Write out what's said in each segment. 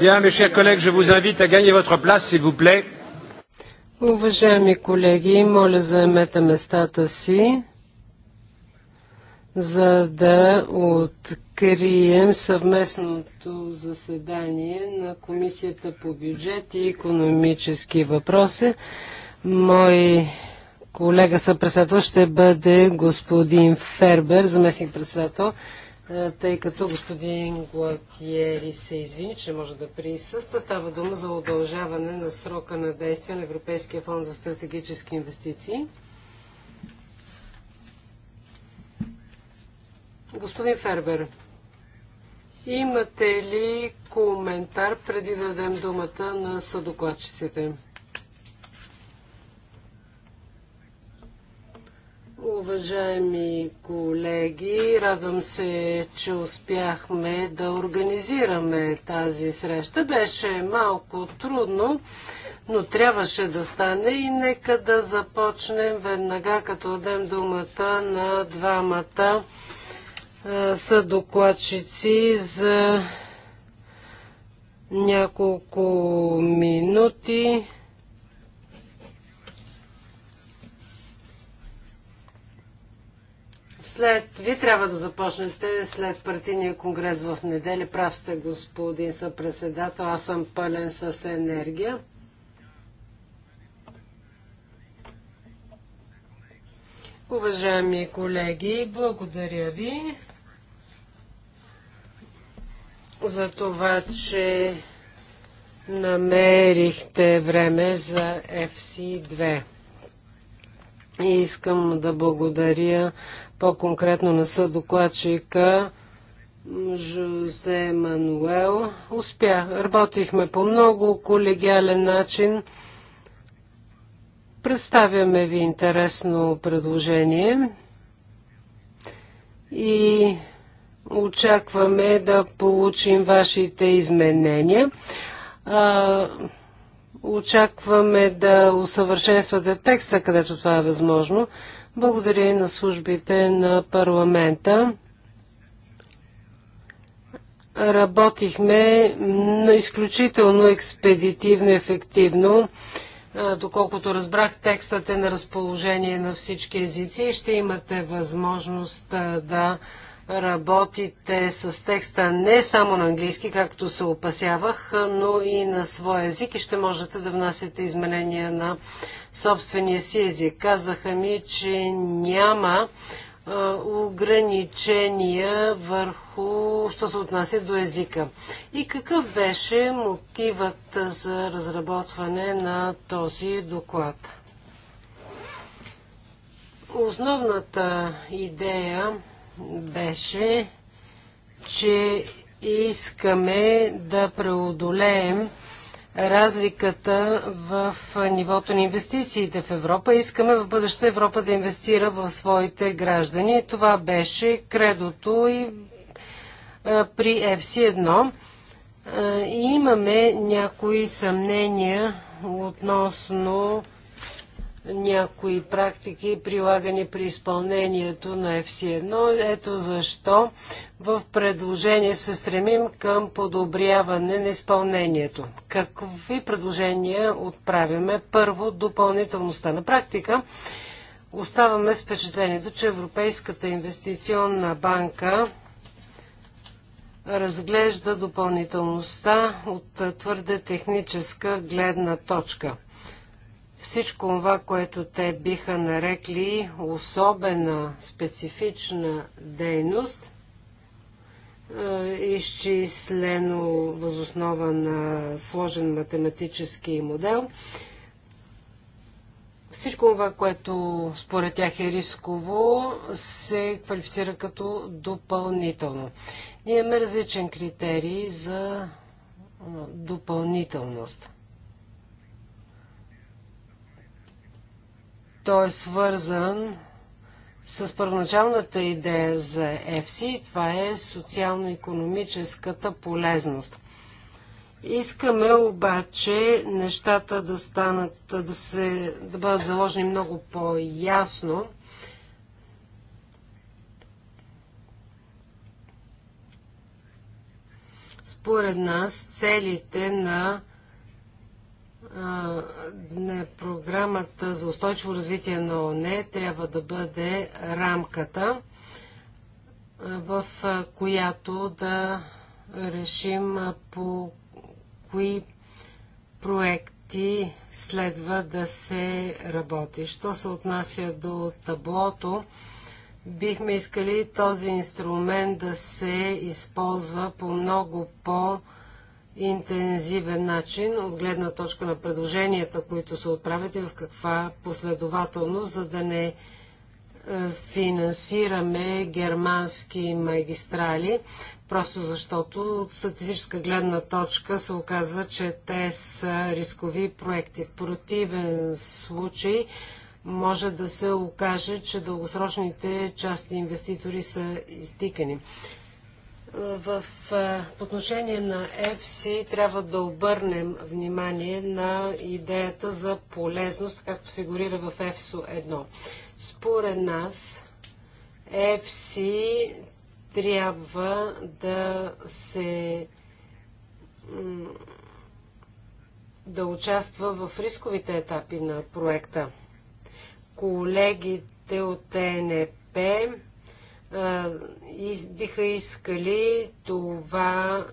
Bien, mes chers collègues, je vous invite à gagner votre place, s'il vous plaît. Уважаеми колеги, моля заемете местата си, за да открием съвместното заседание на Комисията по бюджет и економически въпроси. Мой колега съпредседател ще бъде господин Фербер, заместник председател е, тъй като господин Гуатиери се извини, че може да присъства. Става дума за удължаване на срока на действие на Европейския фонд за стратегически инвестиции. Господин Фербер, имате ли коментар преди да дадем думата на съдокладчиците? Уважаеми колеги, радвам се, че успяхме да организираме тази среща. Беше малко трудно, но трябваше да стане и нека да започнем веднага, като дадем думата на двамата съдокладчици за няколко минути. След, вие трябва да започнете след партийния конгрес в неделя. Прав сте, господин съпредседател. Аз съм пълен с енергия. Уважаеми колеги, благодаря ви за това, че намерихте време за FC2. И искам да благодаря по-конкретно на съдокладчика Жозе Мануел. Успя. Работихме по много колегиален начин. Представяме ви интересно предложение и очакваме да получим вашите изменения. А, очакваме да усъвършенствате текста, където това е възможно. Благодаря на службите на парламента. Работихме изключително експедитивно и ефективно. Доколкото разбрах, текстът е на разположение на всички езици и ще имате възможност да работите с текста не само на английски, както се опасявах, но и на своя език и ще можете да внасяте изменения на собствения си език. Казаха ми, че няма ограничения върху, що се отнася до езика. И какъв беше мотивът за разработване на този доклад? Основната идея беше, че искаме да преодолеем разликата в нивото на инвестициите в Европа. Искаме в бъдеща Европа да инвестира в своите граждани. Това беше кредото и е, при FC1. Е, имаме някои съмнения относно някои практики, прилагани при изпълнението на FC1. Ето защо в предложение се стремим към подобряване на изпълнението. Какви предложения отправяме? Първо, допълнителността на практика. Оставаме с впечатлението, че Европейската инвестиционна банка разглежда допълнителността от твърде техническа гледна точка всичко това, което те биха нарекли особена специфична дейност, е, изчислено възоснова на сложен математически модел. Всичко това, което според тях е рисково, се квалифицира като допълнително. Ние имаме различен критерий за допълнителност. Той е свързан с първоначалната идея за ЕФСИ. Това е социално-економическата полезност. Искаме обаче нещата да станат, да, се, да бъдат заложени много по-ясно. Според нас целите на на програмата за устойчиво развитие на ОНЕ трябва да бъде рамката, в която да решим по кои проекти следва да се работи. Що се отнася до таблото, бихме искали този инструмент да се използва по много по- интензивен начин от гледна точка на предложенията, които се отправят и в каква последователност, за да не е, финансираме германски магистрали, просто защото от статистическа гледна точка се оказва, че те са рискови проекти. В противен случай може да се окаже, че дългосрочните частни инвеститори са изтикани в, отношение на ЕФСИ трябва да обърнем внимание на идеята за полезност, както фигурира в ЕФСО 1. Според нас ЕФСИ трябва да се да участва в рисковите етапи на проекта. Колегите от ТНП е биха искали това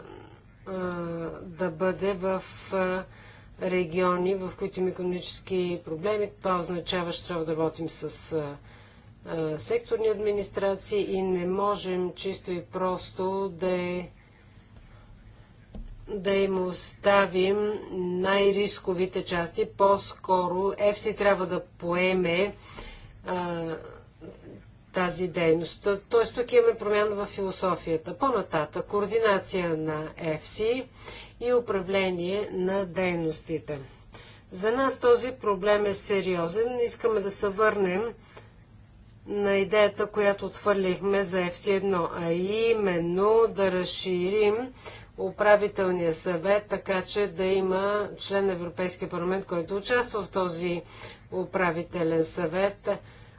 да бъде в региони, в които има економически проблеми. Това означава, че трябва да работим с секторни администрации и не можем чисто и просто да, е, да им оставим най-рисковите части. По-скоро ЕФСИ трябва да поеме а, тази дейност. Т.е. тук имаме промяна в философията. по натата координация на ЕФСИ и управление на дейностите. За нас този проблем е сериозен. Искаме да се върнем на идеята, която отвърлихме за FC1, а именно да разширим управителния съвет, така че да има член на Европейския парламент, който участва в този управителен съвет.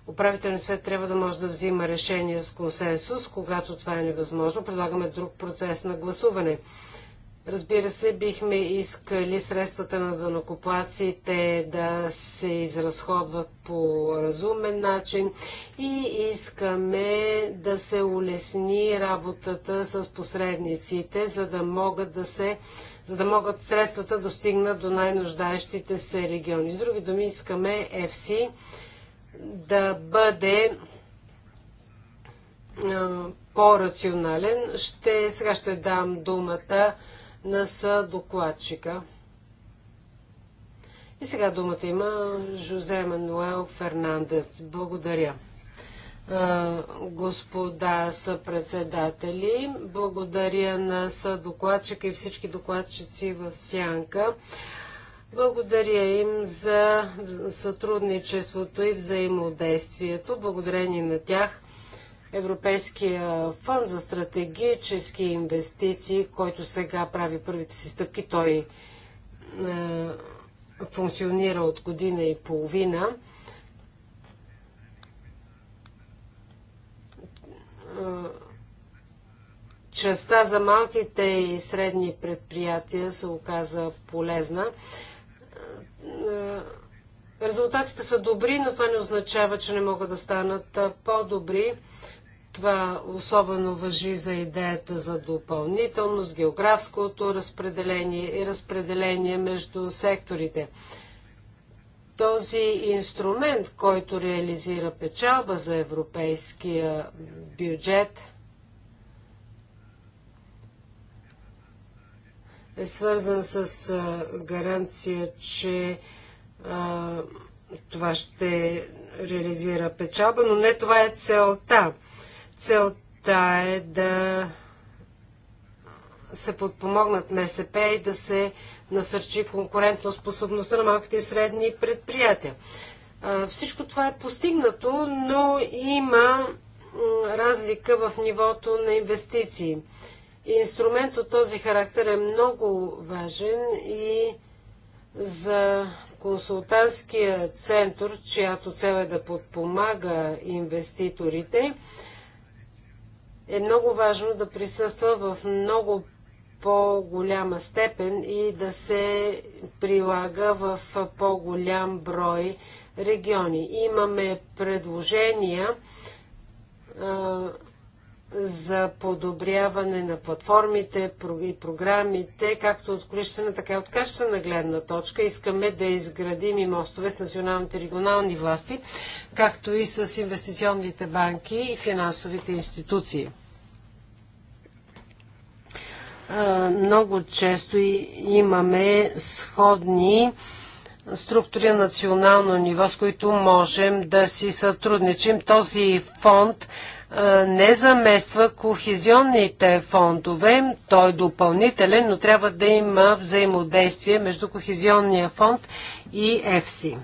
Управителният свет трябва да може да взима решение с консенсус, когато това е невъзможно. Предлагаме друг процес на гласуване. Разбира се, бихме искали средствата на данокоплаците да се изразходват по разумен начин и искаме да се улесни работата с посредниците, за да могат да се за да могат средствата достигнат до най-нуждаещите се региони. С други думи, искаме ЕФСИ да бъде по-рационален. Ще, сега ще дам думата на съдокладчика. И сега думата има Жозе Мануел Фернандес. Благодаря. Господа съпредседатели, благодаря на съдокладчика и всички докладчици в Сянка благодаря им за сътрудничеството и взаимодействието. Благодарение на тях Европейския фонд за стратегически инвестиции, който сега прави първите си стъпки, той е, функционира от година и половина. Частта за малките и средни предприятия се оказа полезна. Резултатите са добри, но това не означава, че не могат да станат по-добри. Това особено въжи за идеята за допълнителност, географското разпределение и разпределение между секторите. Този инструмент, който реализира печалба за европейския бюджет, е свързан с гаранция, че това ще реализира печалба, но не това е целта. Целта е да се подпомогнат МСП и да се насърчи конкурентно способността на малките и средни предприятия. всичко това е постигнато, но има разлика в нивото на инвестиции. Инструмент от този характер е много важен и за Консултантския център, чиято цел е да подпомага инвеститорите, е много важно да присъства в много по-голяма степен и да се прилага в по-голям брой региони. Имаме предложения за подобряване на платформите и програмите, както от количествена, така и от качествена гледна точка. Искаме да изградим и мостове с националните регионални власти, както и с инвестиционните банки и финансовите институции. Много често имаме сходни структури на национално ниво, с които можем да си сътрудничим. Този фонд не замества кохезионните фондове. Той е допълнителен, но трябва да има взаимодействие между кохезионния фонд и ЕФСИ.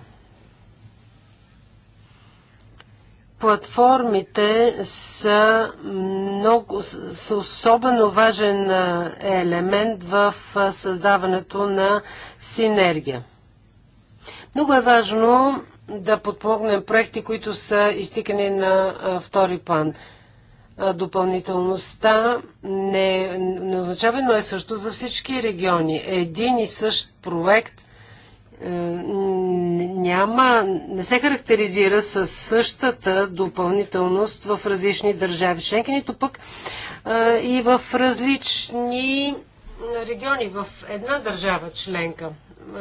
Платформите са, много, са особено важен елемент в създаването на синергия. Много е важно да подпомогнем проекти, които са изтикани на а, втори план. допълнителността не, не означава но е също за всички региони. Един и същ проект е, няма, не се характеризира с същата допълнителност в различни държави членки, пък е, и в различни региони в една държава членка. Е,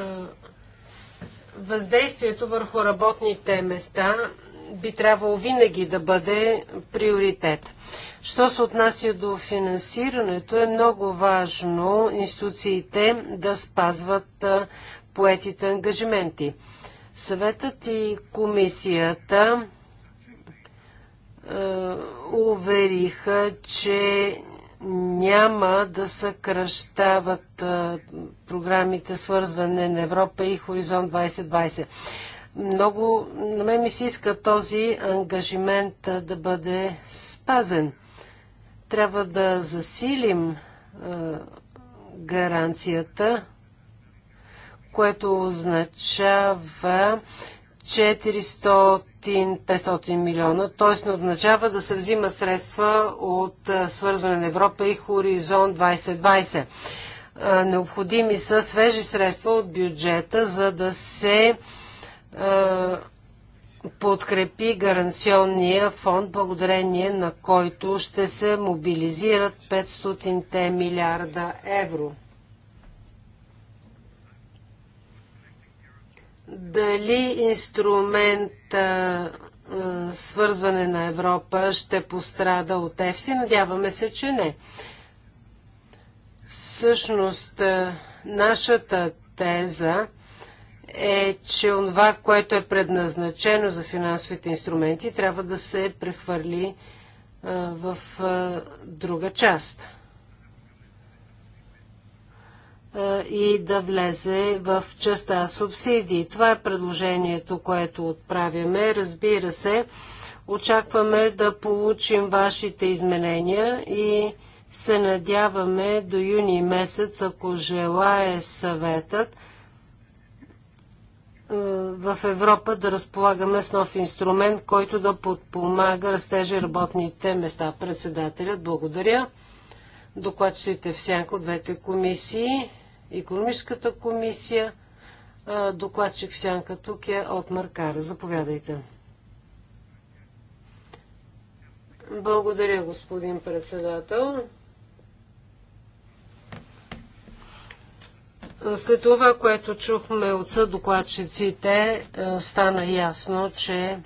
Въздействието върху работните места би трябвало винаги да бъде приоритет. Що се отнася до финансирането, е много важно институциите да спазват поетите ангажименти. Съветът и комисията увериха, че няма да съкръщават програмите Свързване на Европа и Хоризонт 2020. Много на мен ми се иска този ангажимент да бъде спазен. Трябва да засилим гаранцията, което означава 400-500 милиона, т.е. не означава да се взима средства от свързване на Европа и Хоризонт 2020. Необходими са свежи средства от бюджета, за да се подкрепи гаранционния фонд, благодарение на който ще се мобилизират 500 милиарда евро. Дали инструмент свързване на Европа ще пострада от ЕФСИ? Надяваме се, че не. Всъщност, нашата теза е, че това, което е предназначено за финансовите инструменти, трябва да се прехвърли в друга част. Е, и да влезе в частта субсидии. Това е предложението, което отправяме. Разбира се, очакваме да получим вашите изменения и се надяваме до юни месец, ако желае съветът, е, в Европа да разполагаме с нов инструмент, който да подпомага растежи работните места. Председателят, благодаря. в всяко двете комисии економическата комисия. Докладчик сянка тук е от Маркара. Заповядайте. Благодаря, господин председател. След това, което чухме от съдокладчиците, е, стана ясно, че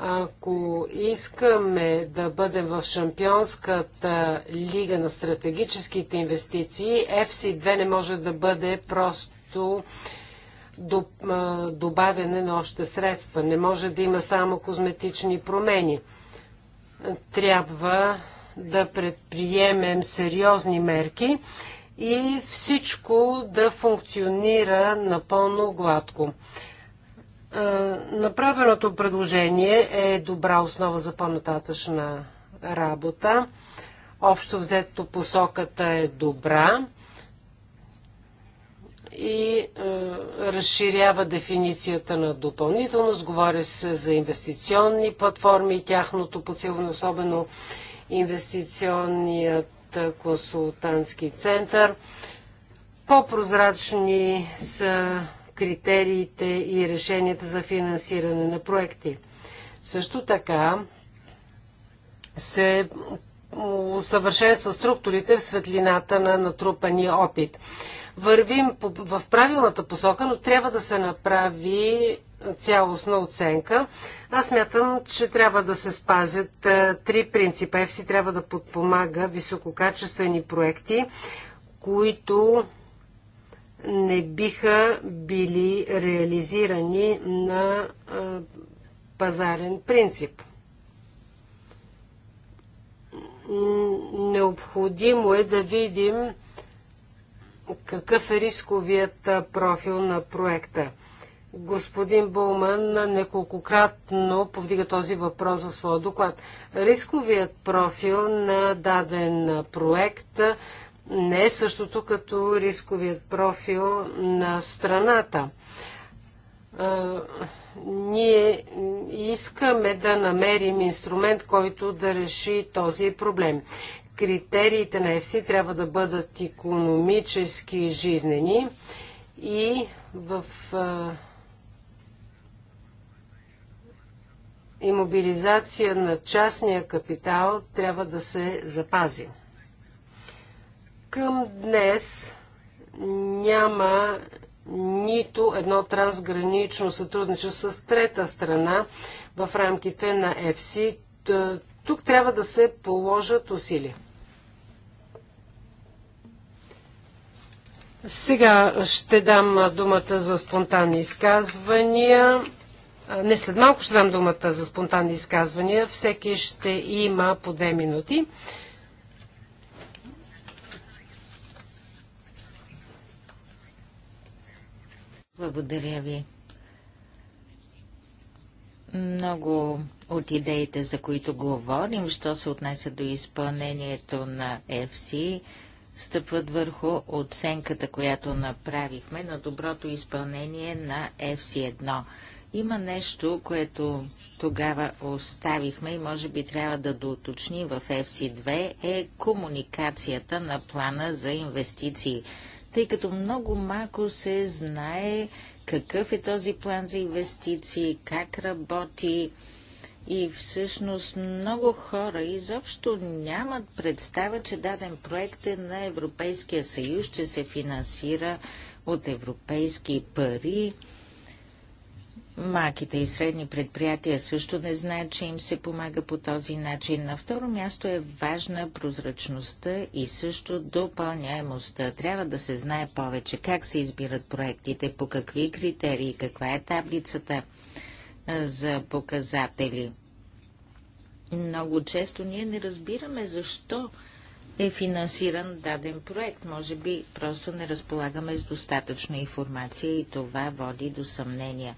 ако искаме да бъдем в Шампионската лига на стратегическите инвестиции, FC2 не може да бъде просто добавяне на още средства. Не може да има само козметични промени. Трябва да предприемем сериозни мерки и всичко да функционира напълно гладко. Е, направеното предложение е добра основа за по-нататъчна работа. Общо взето посоката е добра и е, разширява дефиницията на допълнителност. Говори се за инвестиционни платформи и тяхното подсилване, особено инвестиционният е, консултантски център. По-прозрачни са критериите и решенията за финансиране на проекти. Също така се усъвършенства структурите в светлината на натрупани опит. Вървим в правилната посока, но трябва да се направи цялостна оценка. Аз мятам, че трябва да се спазят е, три принципа. ЕФСИ трябва да подпомага висококачествени проекти, които не биха били реализирани на пазарен принцип. Необходимо е да видим какъв е рисковият профил на проекта. Господин Булман неколкократно повдига този въпрос в своя доклад. Рисковият профил на даден проект не е същото като рисковият профил на страната. ние искаме да намерим инструмент, който да реши този проблем. Критериите на ЕФСИ трябва да бъдат економически жизнени и в имобилизация мобилизация на частния капитал трябва да се запази. Към днес няма нито едно трансгранично сътрудничество с трета страна в рамките на ЕФСИ. Тук трябва да се положат усилия. Сега ще дам думата за спонтанни изказвания. Не след малко ще дам думата за спонтанни изказвания. Всеки ще има по две минути. Благодаря ви. Много от идеите, за които говорим, що се отнася до изпълнението на FC, стъпват върху оценката, която направихме на доброто изпълнение на FC1. Има нещо, което тогава оставихме и може би трябва да доуточни в FC2 е комуникацията на плана за инвестиции тъй като много малко се знае какъв е този план за инвестиции, как работи и всъщност много хора изобщо нямат представа, че даден проект е на Европейския съюз, че се финансира от европейски пари. Малките и средни предприятия също не знаят, че им се помага по този начин. На второ място е важна прозрачността и също допълняемостта. Трябва да се знае повече как се избират проектите, по какви критерии, каква е таблицата за показатели. Много често ние не разбираме защо е финансиран даден проект. Може би просто не разполагаме с достатъчно информация и това води до съмнения.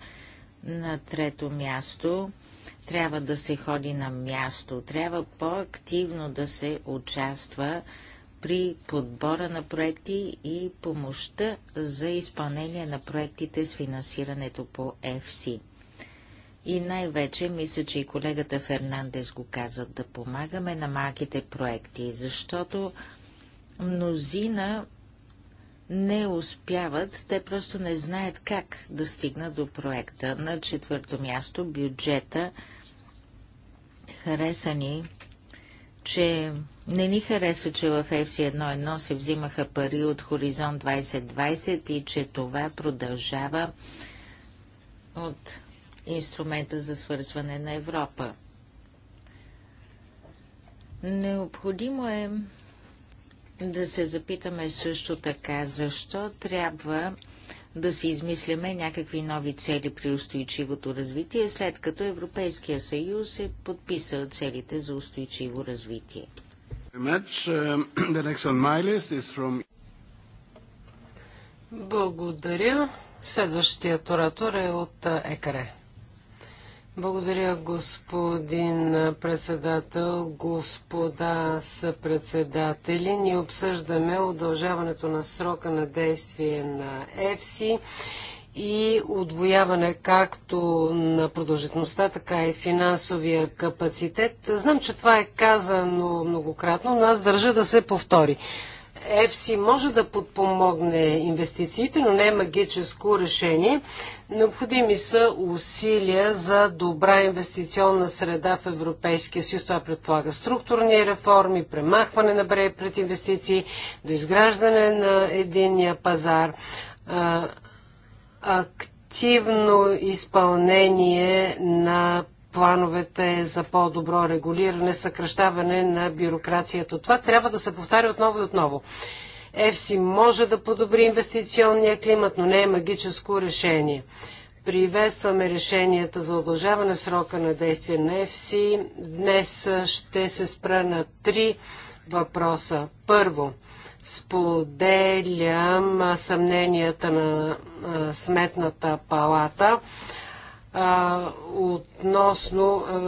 На трето място трябва да се ходи на място, трябва по-активно да се участва при подбора на проекти и помощта за изпълнение на проектите с финансирането по FC. И най-вече, мисля, че и колегата Фернандес го каза, да помагаме на малките проекти, защото мнозина не успяват, те просто не знаят как да стигнат до проекта. На четвърто място бюджета хареса ни, че не ни хареса, че в FC1.1 се взимаха пари от Хоризонт 2020 и че това продължава от инструмента за свързване на Европа. Необходимо е да се запитаме също така, защо трябва да си измисляме някакви нови цели при устойчивото развитие, след като Европейския съюз е подписал целите за устойчиво развитие. Благодаря. Следващият оратор е от ЕКРЕ. Благодаря, господин председател, господа съпредседатели. Ние обсъждаме удължаването на срока на действие на ЕФСИ и отвояване както на продължителността, така и финансовия капацитет. Знам, че това е казано многократно, но аз държа да се повтори. ЕФСИ може да подпомогне инвестициите, но не е магическо решение. Необходими са усилия за добра инвестиционна среда в Европейския съюз. Това предполага структурни реформи, премахване на брег пред инвестиции, доизграждане на единния пазар, активно изпълнение на плановете за по-добро регулиране, съкръщаване на бюрокрацията. Това трябва да се повтаря отново и отново. ЕФСИ може да подобри инвестиционния климат, но не е магическо решение. Приветстваме решенията за удължаване срока на действие на ЕФСИ. Днес ще се спра на три въпроса. Първо, споделям съмненията на Сметната палата а, относно а,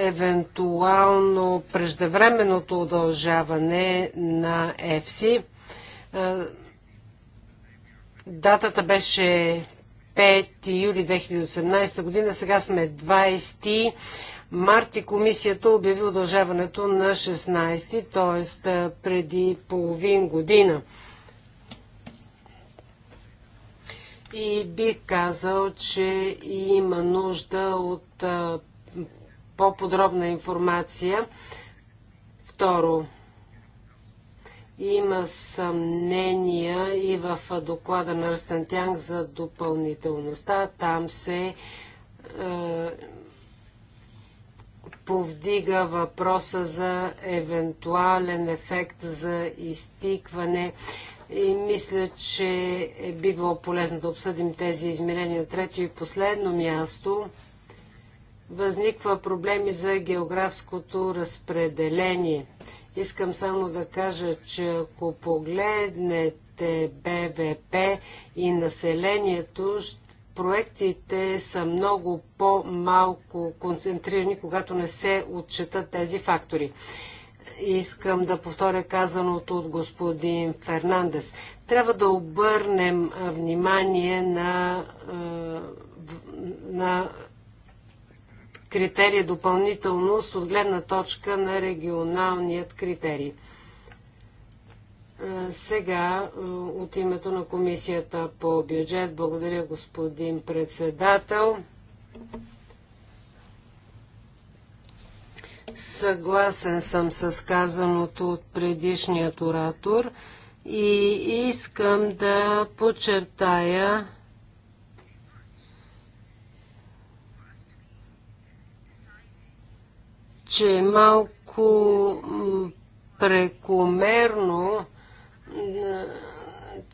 евентуално преждевременното удължаване на ЕФСИ. А, датата беше 5 юли 2018 година, сега сме 20 март и комисията обяви удължаването на 16, т.е. преди половин година. и бих казал, че има нужда от по-подробна информация. Второ, има съмнения и в доклада на Растантянг за допълнителността. Там се е, повдига въпроса за евентуален ефект за изтикване и мисля, че би било полезно да обсъдим тези на Трето и последно място възниква проблеми за географското разпределение. Искам само да кажа, че ако погледнете БВП и населението, проектите са много по-малко концентрирани, когато не се отчитат тези фактори искам да повторя казаното от господин Фернандес. Трябва да обърнем внимание на, на критерия допълнителност от гледна точка на регионалният критерий. Сега от името на Комисията по бюджет. Благодаря, господин председател. Съгласен съм с казаното от предишният оратор и искам да подчертая че е малко прекомерно,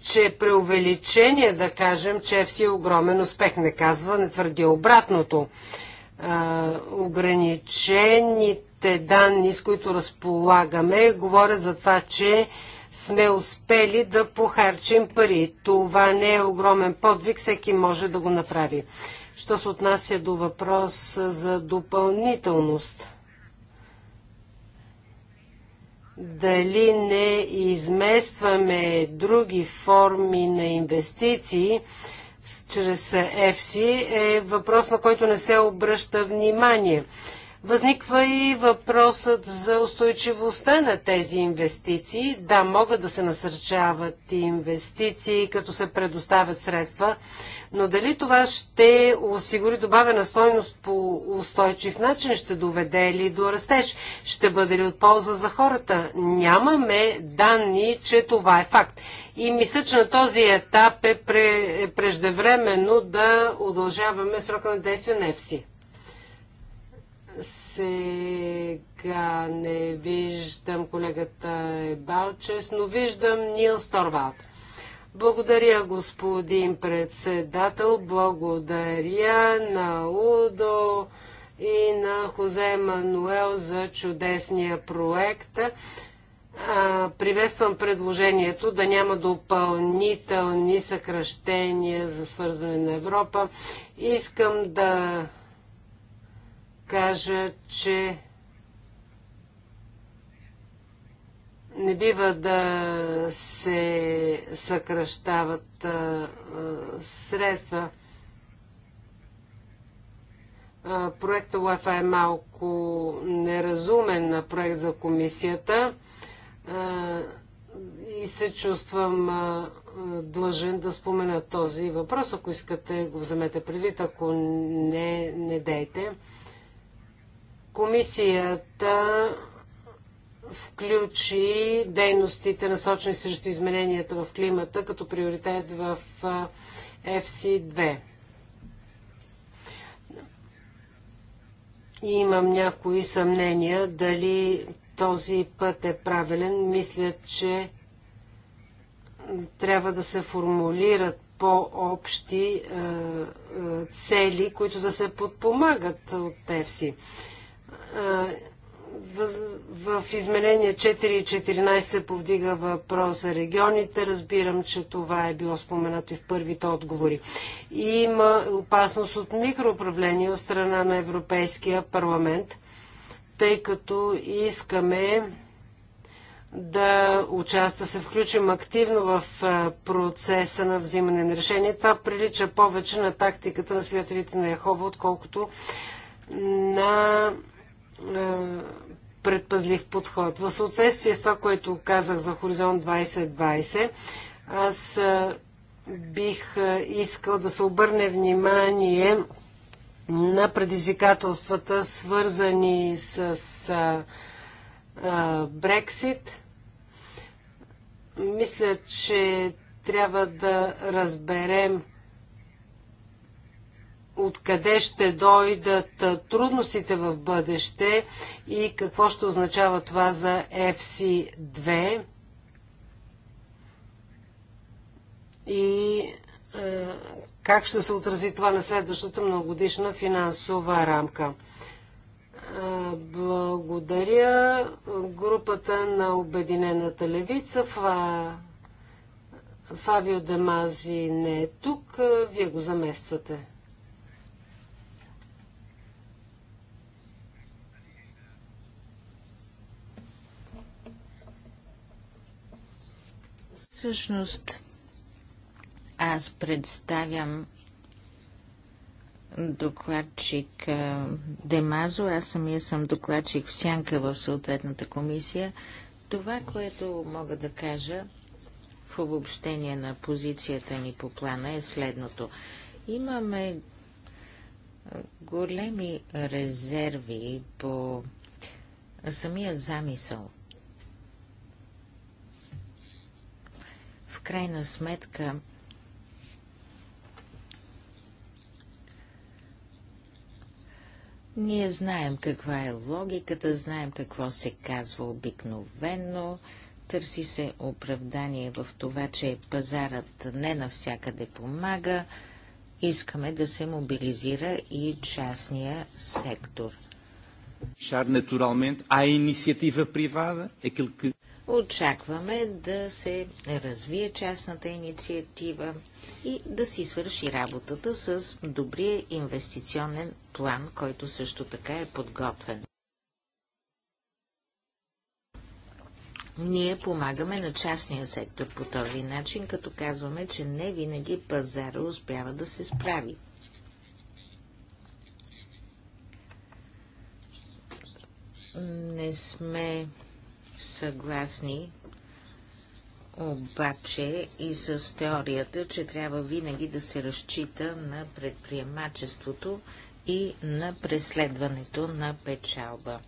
че преувеличение да кажем, че е огромен успех. Не казва, не твърди обратното. А, ограничените Последните данни, с които разполагаме, говорят за това, че сме успели да похарчим пари. Това не е огромен подвиг, всеки може да го направи. Що се отнася до въпрос за допълнителност? Дали не изместваме други форми на инвестиции чрез EFSI е въпрос, на който не се обръща внимание. Възниква и въпросът за устойчивостта на тези инвестиции. Да, могат да се насърчават инвестиции, като се предоставят средства, но дали това ще осигури добавена стойност по устойчив начин, ще доведе ли до растеж, ще бъде ли от полза за хората? Нямаме данни, че това е факт. И мисля, че на този етап е, е преждевременно да удължаваме срока на действие на ЕФСИ. Сега не виждам колегата Балчес, но виждам Нил Сторвалд. Благодаря, господин председател. Благодаря на Удо и на Хозе Мануел за чудесния проект. приветствам предложението да няма допълнителни съкръщения за свързване на Европа. Искам да кажа, че не бива да се съкръщават а, средства. Проектът проекта е малко неразумен проект за комисията а, и се чувствам длъжен да спомена този въпрос. Ако искате, го вземете предвид, ако не, не дейте. Комисията включи дейностите насочени срещу измененията в климата като приоритет в FC2. И имам някои съмнения дали този път е правилен. Мисля, че трябва да се формулират по-общи цели, които да се подпомагат от ЕФСИ в изменение 4.14 повдига въпрос за регионите. Разбирам, че това е било споменато и в първите отговори. Има опасност от микроуправление от страна на Европейския парламент, тъй като искаме да участва, се включим активно в процеса на взимане на решение. Това прилича повече на тактиката на свидетелите на Яхова, отколкото на е, предпазлив подход. В съответствие с това, което казах за Хоризонт 2020, аз е, бих е, искал да се обърне внимание на предизвикателствата, свързани с Брексит. Мисля, че трябва да разберем откъде ще дойдат трудностите в бъдеще и какво ще означава това за FC2 и е, как ще се отрази това на следващата многогодишна финансова рамка. Благодаря групата на Обединената левица. Фавио Демази не е тук. Вие го замествате. Всъщност, аз представям докладчик Демазо, аз самия съм докладчик в сянка в съответната комисия. Това, което мога да кажа в обобщение на позицията ни по плана е следното. Имаме големи резерви по самия замисъл крайна сметка Ние знаем каква е логиката, знаем какво се казва обикновено. търси се оправдание в това, че пазарът не навсякъде помага, искаме да се мобилизира и частния сектор. Шар натуралмент, а инициатива привада. е Очакваме да се развие частната инициатива и да си свърши работата с добрия инвестиционен план, който също така е подготвен. Ние помагаме на частния сектор по този начин, като казваме, че не винаги пазара успява да се справи. Не сме съгласни обаче и с теорията, че трябва винаги да се разчита на предприемачеството и на преследването на печалба.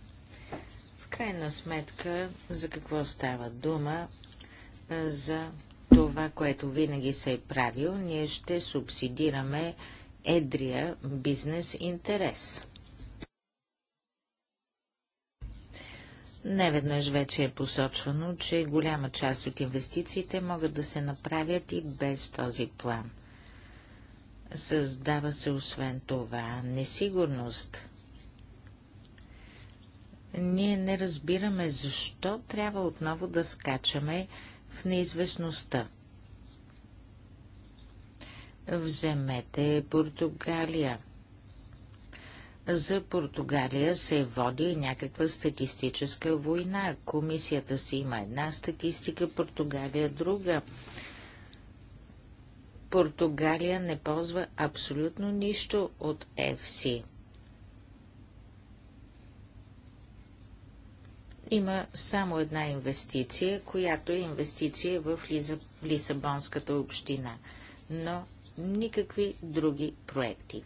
В крайна сметка, за какво става дума? За това, което винаги се е правил, ние ще субсидираме едрия бизнес интерес. Неведнъж вече е посочвано, че голяма част от инвестициите могат да се направят и без този план. Създава се освен това несигурност. Ние не разбираме защо трябва отново да скачаме в неизвестността. Вземете Португалия за Португалия се води някаква статистическа война. Комисията си има една статистика, Португалия друга. Португалия не ползва абсолютно нищо от FC. Има само една инвестиция, която е инвестиция в Лисабонската община, но никакви други проекти.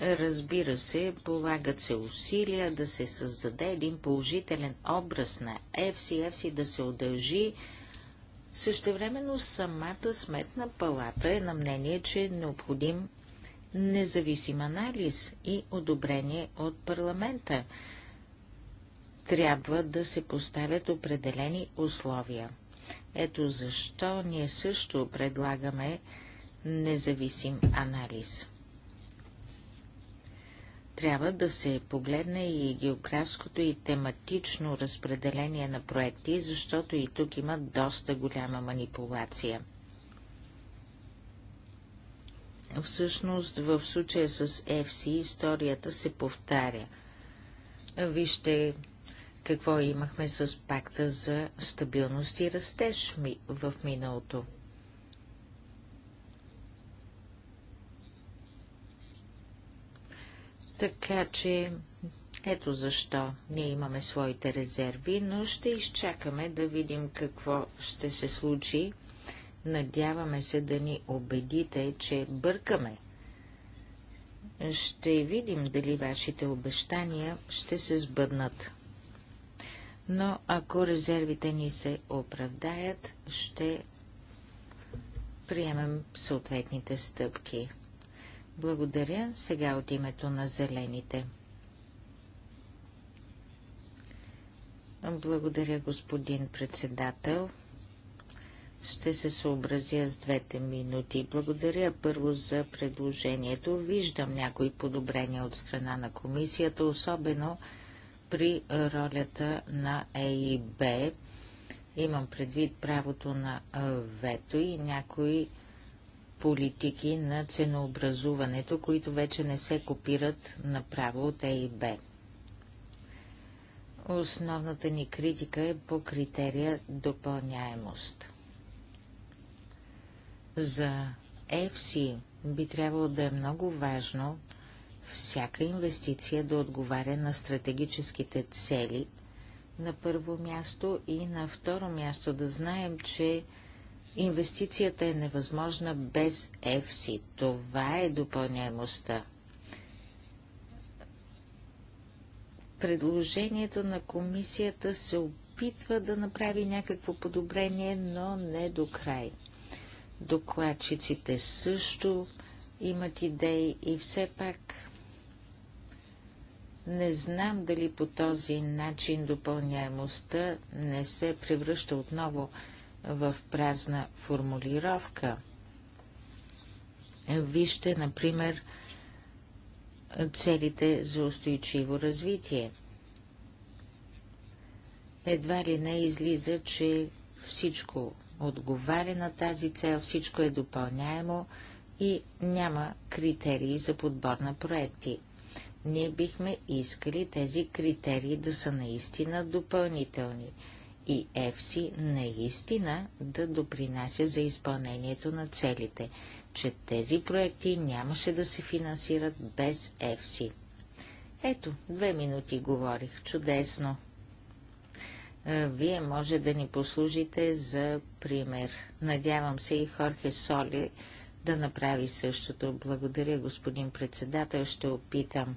Разбира се, полагат се усилия да се създаде един положителен образ на ЕФСИ, ЕФСИ да се удължи. Същевременно самата сметна палата е на мнение, че е необходим независим анализ и одобрение от парламента. Трябва да се поставят определени условия. Ето защо ние също предлагаме независим анализ трябва да се погледне и географското и тематично разпределение на проекти, защото и тук има доста голяма манипулация. Всъщност, в случая с FC историята се повтаря. Вижте какво имахме с пакта за стабилност и растеж в миналото – Така че ето защо ние имаме своите резерви, но ще изчакаме да видим какво ще се случи. Надяваме се да ни убедите, че бъркаме. Ще видим дали вашите обещания ще се сбъднат. Но ако резервите ни се оправдаят, ще приемем съответните стъпки. Благодаря. Сега от името на зелените. Благодаря, господин председател. Ще се съобразя с двете минути. Благодаря първо за предложението. Виждам някои подобрения от страна на комисията, особено при ролята на ЕИБ. Имам предвид правото на вето и някои политики на ценообразуването, които вече не се копират направо от А и Б. Основната ни критика е по критерия допълняемост. За FC би трябвало да е много важно всяка инвестиция да отговаря на стратегическите цели на първо място и на второ място да знаем, че Инвестицията е невъзможна без ЕФСИ. Това е допълняемостта. Предложението на комисията се опитва да направи някакво подобрение, но не до край. Докладчиците също имат идеи и все пак не знам дали по този начин допълняемостта не се превръща отново в празна формулировка. Вижте, например, целите за устойчиво развитие. Едва ли не излиза, че всичко отговаря на тази цел, всичко е допълняемо и няма критерии за подбор на проекти. Ние бихме искали тези критерии да са наистина допълнителни – и ЕФСИ наистина да допринася за изпълнението на целите, че тези проекти нямаше да се финансират без ЕФСИ. Ето, две минути говорих. Чудесно! Е, вие може да ни послужите за пример. Надявам се и Хорхе Соли да направи същото. Благодаря, господин председател. Ще опитам.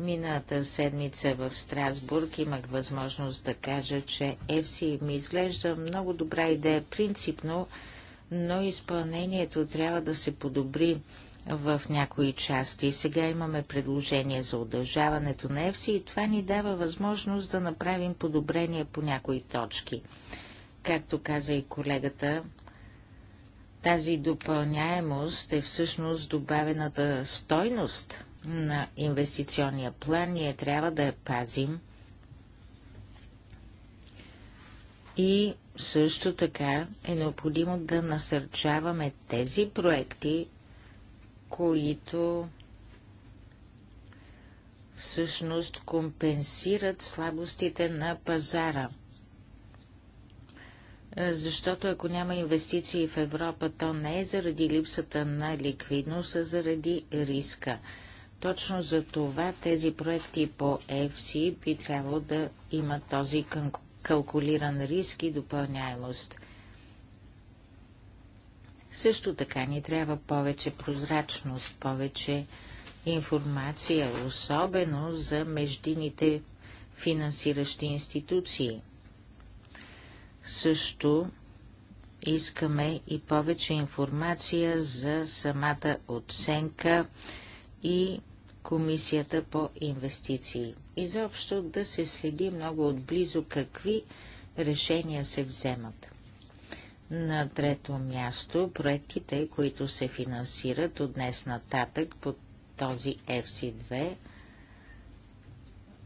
Миналата седмица в Страсбург имах възможност да кажа, че ЕФСИ ми изглежда много добра идея принципно, но изпълнението трябва да се подобри в някои части. Сега имаме предложение за удължаването на ЕФСИ и това ни дава възможност да направим подобрение по някои точки. Както каза и колегата, тази допълняемост е всъщност добавената стойност на инвестиционния план, ние трябва да я пазим и също така е необходимо да насърчаваме тези проекти, които всъщност компенсират слабостите на пазара. Защото ако няма инвестиции в Европа, то не е заради липсата на ликвидност, а заради риска. Точно за това тези проекти по FC би трябвало да имат този калкулиран риск и допълняемост. Също така ни трябва повече прозрачност, повече информация, особено за междините финансиращи институции. Също искаме и повече информация за самата оценка и Комисията по инвестиции. Изобщо да се следи много отблизо какви решения се вземат. На трето място проектите, които се финансират от днес нататък по този FC2,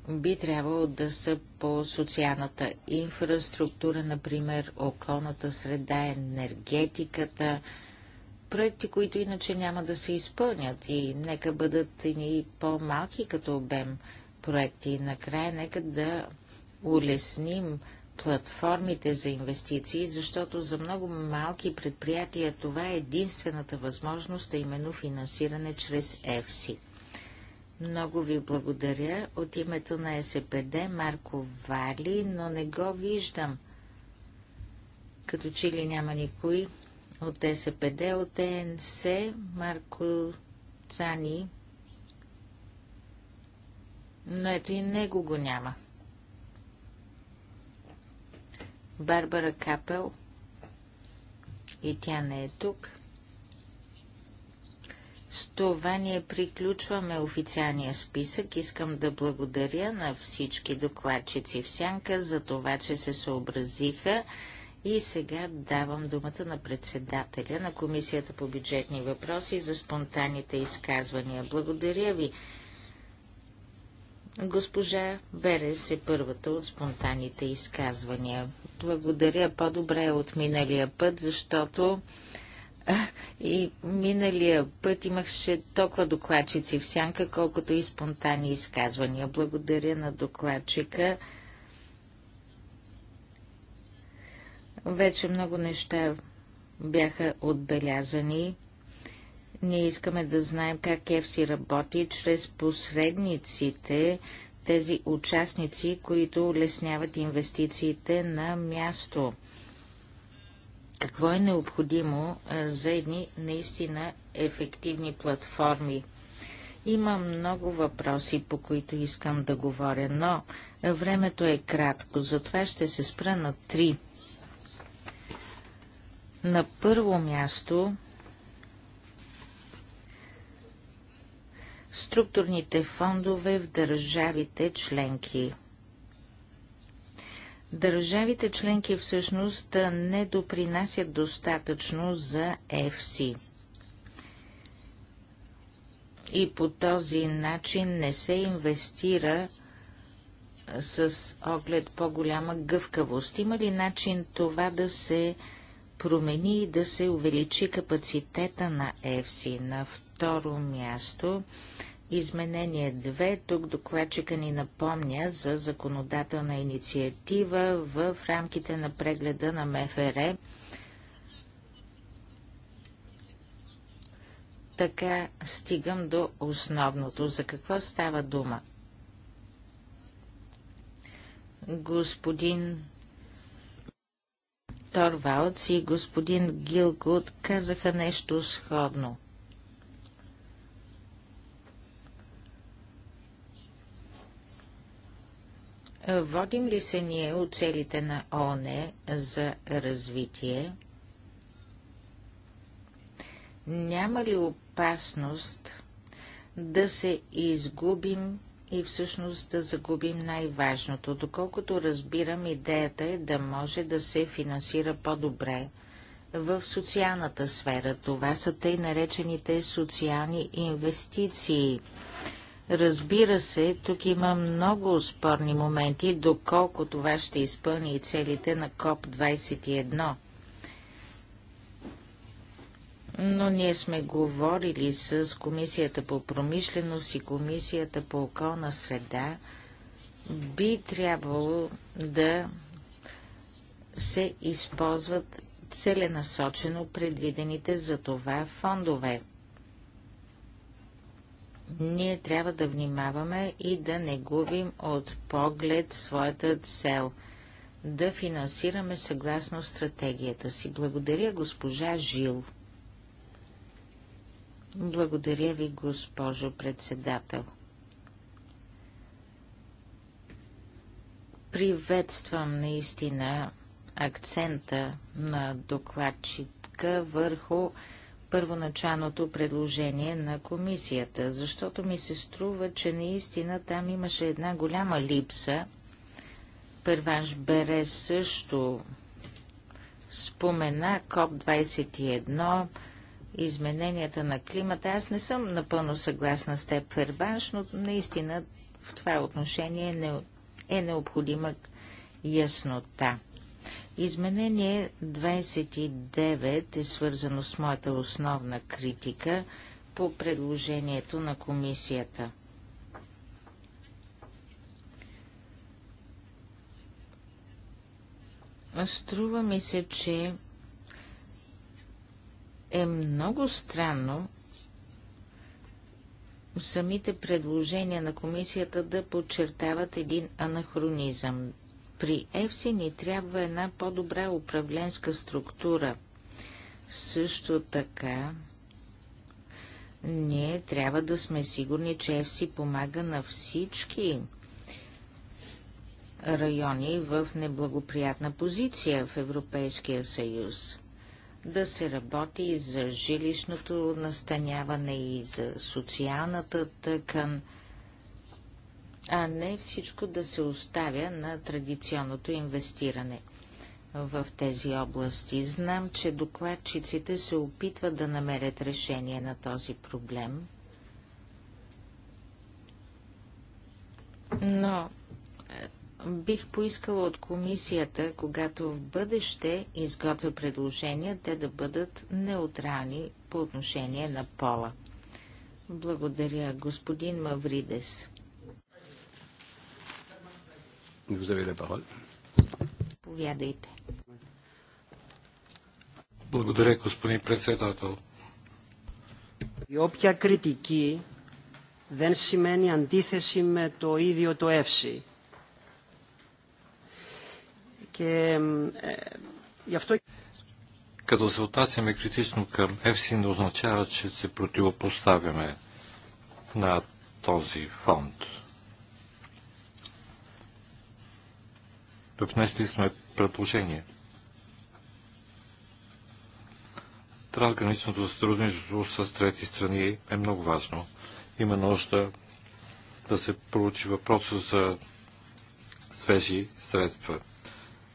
би трябвало да са по социалната инфраструктура, например околната среда, енергетиката, проекти, които иначе няма да се изпълнят и нека бъдат и по-малки като обем проекти. И накрая нека да улесним платформите за инвестиции, защото за много малки предприятия това е единствената възможност, а именно финансиране чрез ЕФСИ. Много ви благодаря от името на СПД Марко Вали, но не го виждам. Като че ли няма никой от СПД, от ЕНС, Марко Цани. Но ето и него го няма. Барбара Капел. И тя не е тук. С това ние приключваме официалния списък. Искам да благодаря на всички докладчици в Сянка за това, че се съобразиха и сега давам думата на председателя на Комисията по бюджетни въпроси за спонтанните изказвания. Благодаря ви. Госпожа Берес е първата от спонтанните изказвания. Благодаря по-добре от миналия път, защото и миналия път имахше толкова докладчици в сянка, колкото и спонтанни изказвания. Благодаря на докладчика Вече много неща бяха отбелязани. Ние искаме да знаем как Евси работи чрез посредниците, тези участници, които улесняват инвестициите на място. Какво е необходимо за едни наистина ефективни платформи? Има много въпроси, по които искам да говоря, но времето е кратко, затова ще се спра на три – на първо място структурните фондове в държавите членки. Държавите членки всъщност не допринасят достатъчно за ЕФСИ. И по този начин не се инвестира с оглед по-голяма гъвкавост. Има ли начин това да се промени и да се увеличи капацитета на ЕФСИ. На второ място Изменение 2. Тук докладчика ни напомня за законодателна инициатива в рамките на прегледа на МФР. Така стигам до основното. За какво става дума? Господин Торвалц и господин Гилгуд казаха нещо сходно. Водим ли се ние от целите на ООН за развитие? Няма ли опасност да се изгубим и всъщност да загубим най-важното. Доколкото разбирам, идеята е да може да се финансира по-добре в социалната сфера. Това са тъй наречените социални инвестиции. Разбира се, тук има много спорни моменти, доколко това ще изпълни и целите на КОП-21 но ние сме говорили с Комисията по промишленост и Комисията по околна среда. Би трябвало да се използват целенасочено предвидените за това фондове. Ние трябва да внимаваме и да не губим от поглед своята цел – да финансираме съгласно стратегията си. Благодаря, госпожа Жил. Благодаря ви, госпожо председател. Приветствам наистина акцента на докладчика върху първоначалното предложение на комисията, защото ми се струва, че наистина там имаше една голяма липса. първаш Бере също спомена КОП-21, измененията на климата. Аз не съм напълно съгласна с теб, Фербанш, но наистина в това отношение е необходима яснота. Изменение 29 е свързано с моята основна критика по предложението на комисията. Струва ми се, че е много странно самите предложения на комисията да подчертават един анахронизъм. При ЕФСИ ни трябва една по-добра управленска структура. Също така, ние трябва да сме сигурни, че ЕФСИ помага на всички райони в неблагоприятна позиция в Европейския съюз да се работи и за жилищното настаняване и за социалната тъкан, а не всичко да се оставя на традиционното инвестиране в тези области. Знам, че докладчиците се опитват да намерят решение на този проблем, но Бих поискала от комисията, когато в бъдеще изготвя предложения, те да бъдат неутрални по отношение на пола. Благодаря, господин Мавридес. Повядайте. Благодаря, господин председател. И όποια κριτική δεν σημαίνει αντίθεση με το ίδιο το εύση. Και γι' αυτό... Като се отнасяме критично към ЕФСИ, не означава, че се противопоставяме на този фонд. Внесли сме предложение. Трансграничното сътрудничество с трети страни е много важно. Има нужда да се проучи въпроса за свежи средства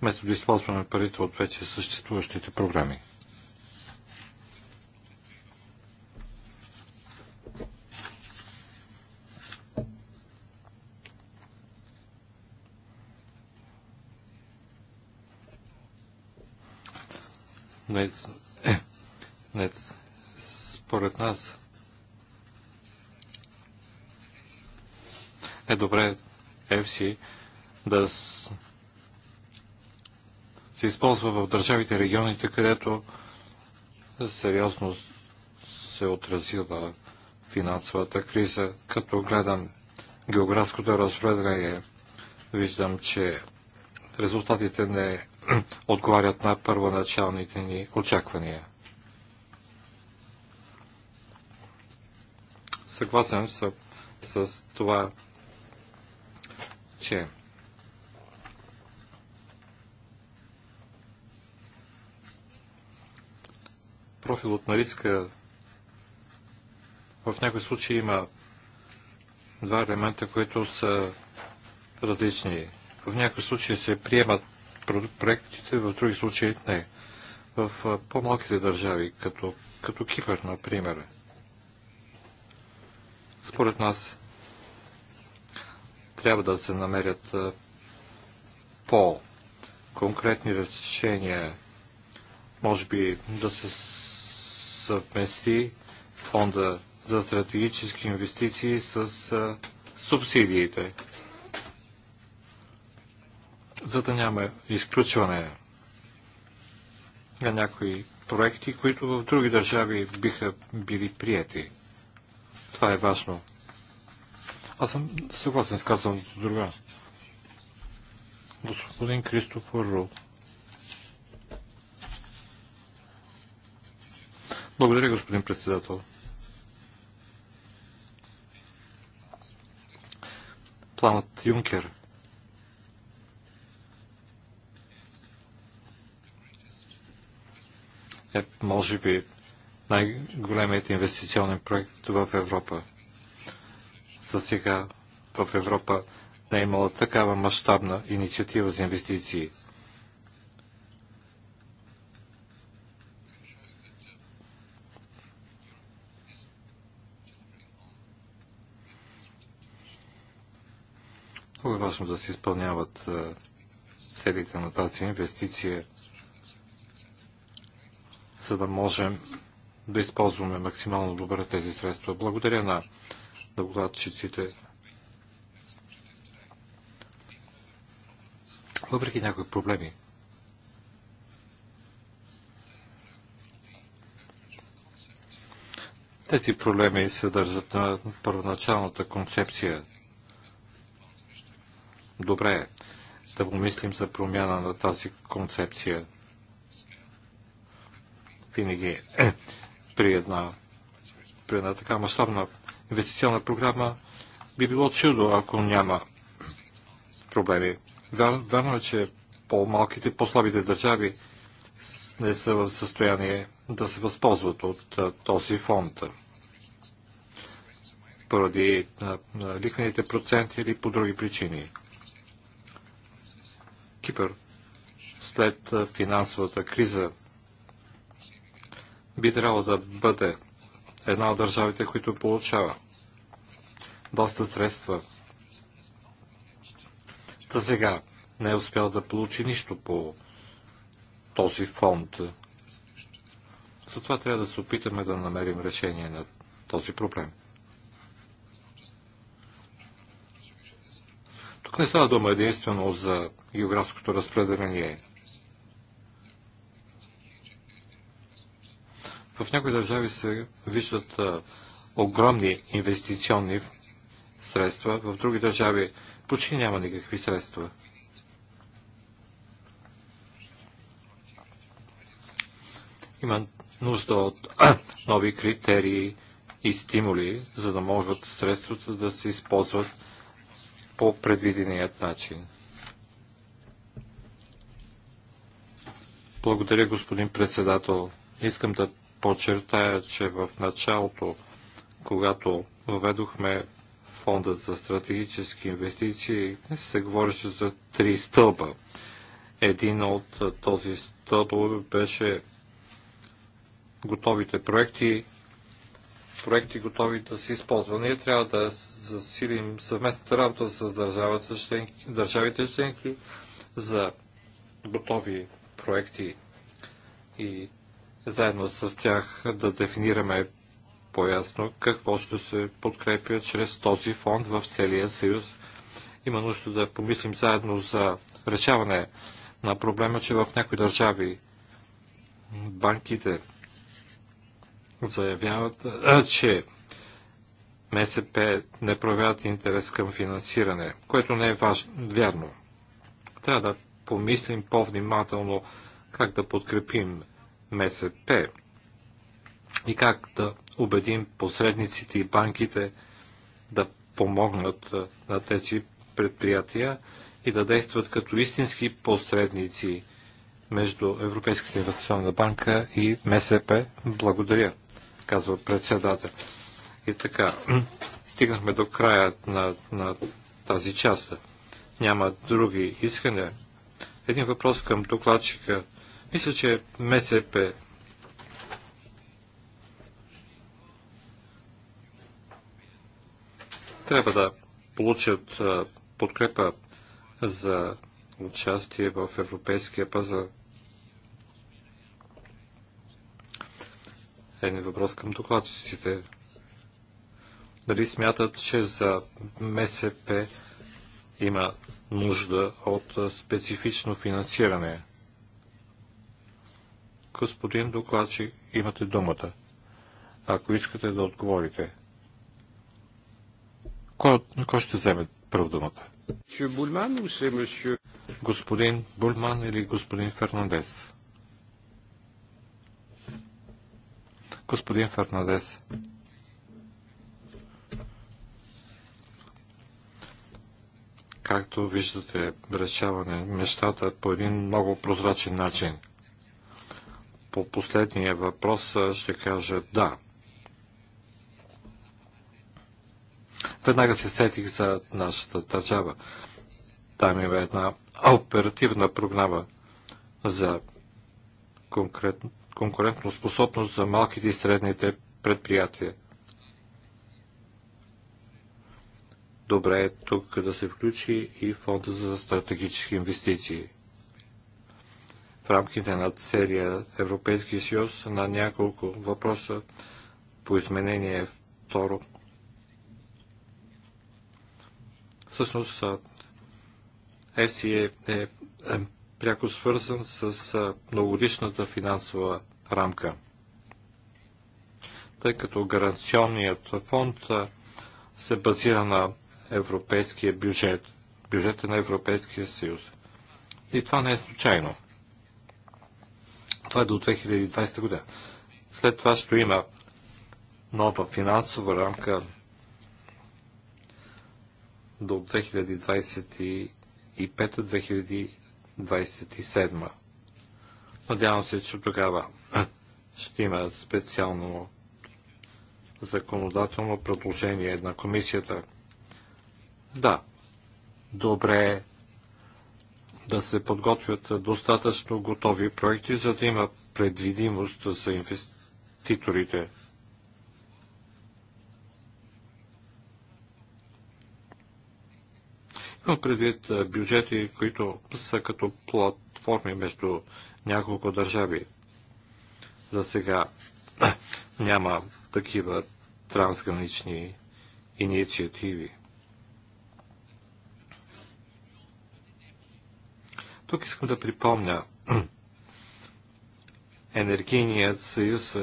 вместо да използваме парите от вече съществуващите програми. според нас е добре ЕФСИ да се използва в държавите и регионите, където сериозно се отразила финансовата криза. Като гледам географското разпределение, виждам, че резултатите не отговарят на първоначалните ни очаквания. Съгласен съм с това, че профил от риска в някои случаи има два елемента, които са различни. В някои случаи се приемат проектите, в други случаи не. В по-малките държави, като, като Кипър, например, според нас трябва да се намерят по-конкретни решения, може би да се съвмести фонда за стратегически инвестиции с субсидиите, за да няма изключване на някои проекти, които в други държави биха били прияти. Това е важно. Аз съм съгласен с казаното друга. Господин Кристофор Рул. Благодаря, господин председател. Планът Юнкер е, може би, най-големият инвестиционен проект в Европа. За сега в Европа не е имала такава мащабна инициатива за инвестиции – Много е важно да се изпълняват целите на тази инвестиция, за да можем да използваме максимално добре тези средства. Благодаря на докладчиците. Въпреки някои проблеми, Тези проблеми се държат на първоначалната концепция Добре е да помислим за промяна на тази концепция. Винаги е при една, при една така мащабна инвестиционна програма би било чудо, ако няма проблеми. Вярно, вярно е, че по-малките, по-слабите държави не са в състояние да се възползват от този фонд поради лихвените проценти или по други причини. Кипър след финансовата криза би трябвало да бъде една от държавите, които получава доста средства. Та сега не е успял да получи нищо по този фонд. Затова трябва да се опитаме да намерим решение на този проблем. Тук не става дума единствено за географското разпределение. В някои държави се виждат огромни инвестиционни средства, в други държави почти няма никакви средства. Има нужда от нови критерии и стимули, за да могат средствата да се използват по предвиденият начин. Благодаря, господин председател. Искам да подчертая, че в началото, когато въведохме фонда за стратегически инвестиции, се говореше за три стълба. Един от този стълб беше готовите проекти, проекти готови да се използва. Ние трябва да засилим съвместната работа с държавите членки за готови проекти и заедно с тях да дефинираме по-ясно какво ще се подкрепя чрез този фонд в целия съюз. Има нужда да помислим заедно за решаване на проблема, че в някои държави банките заявяват, а, че МСП не проявяват интерес към финансиране, което не е важно, вярно. Трябва да помислим по-внимателно как да подкрепим МСП и как да убедим посредниците и банките да помогнат на тези предприятия и да действат като истински посредници между Европейската инвестиционна банка и МСП. Благодаря, казва председател. И така, стигнахме до края на, на тази част. Няма други искания един въпрос към докладчика. Мисля, че МСП трябва да получат подкрепа за участие в европейския пазар. Един въпрос към докладчиците. Дали смятат, че за МСП има нужда от специфично финансиране. Господин докладчик, имате думата, ако искате да отговорите. Кой, кой ще вземе първ думата? Господин Бульман или господин Фернандес? Господин Фернандес. както виждате, решаване нещата по един много прозрачен начин. По последния въпрос ще кажа да. Веднага се сетих за нашата държава. Там има една оперативна програма за конкурентно способност за малките и средните предприятия. Добре е тук да се включи и фонда за стратегически инвестиции. В рамките на серия Европейски съюз на няколко въпроса по изменение второ. Всъщност ЕСИ е, е, е пряко свързан с многогодишната финансова рамка. Тъй като гаранционният фонд се базира на европейския бюджет, бюджета на Европейския съюз. И това не е случайно. Това е до 2020 година. След това ще има нова финансова рамка до 2025-2027. Надявам се, че тогава ще има специално законодателно предложение на комисията да, добре е да се подготвят достатъчно готови проекти, за да има предвидимост за инвеститорите. Има предвид бюджети, които са като платформи между няколко държави. За сега няма такива трансгранични инициативи. Тук искам да припомня енергийният съюз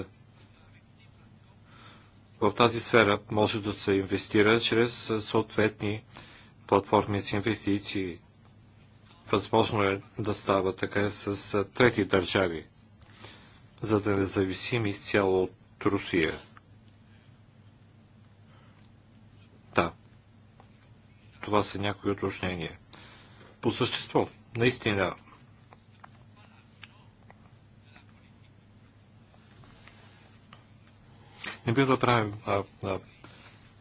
в тази сфера може да се инвестира чрез съответни платформи с инвестиции. Възможно е да става така с трети държави, за да не зависим изцяло от Русия. Да, това са някои уточнения. По същество, наистина не бива да правим а, а,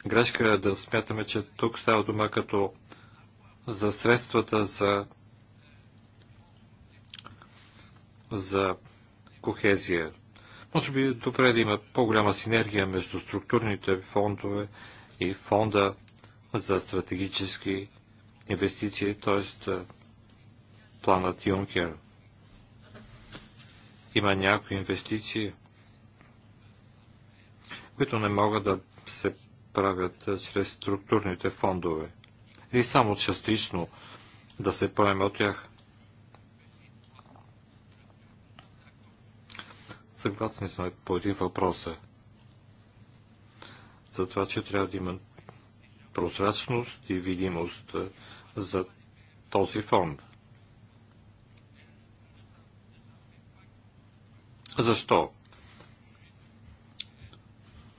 грешка да смятаме, че тук става дума като за средствата за за кохезия. Може би е добре да има по-голяма синергия между структурните фондове и фонда за стратегически инвестиции, т.е планът Юнкер. Има някои инвестиции, които не могат да се правят чрез структурните фондове или само частично да се поеме от тях. Съгласни сме по един въпроса. За това, че трябва да има прозрачност и видимост за този фонд. Защо?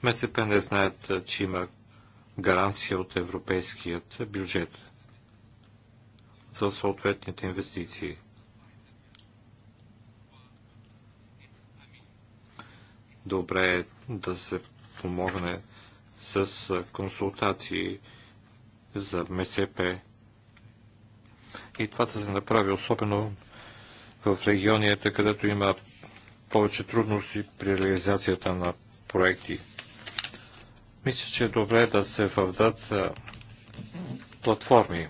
МСП не знаят, че има гаранция от европейският бюджет за съответните инвестиции. Добре е да се помогне с консултации за МСП. И това да се направи особено в регионията, където има повече трудности при реализацията на проекти. Мисля, че е добре да се въвдат платформи,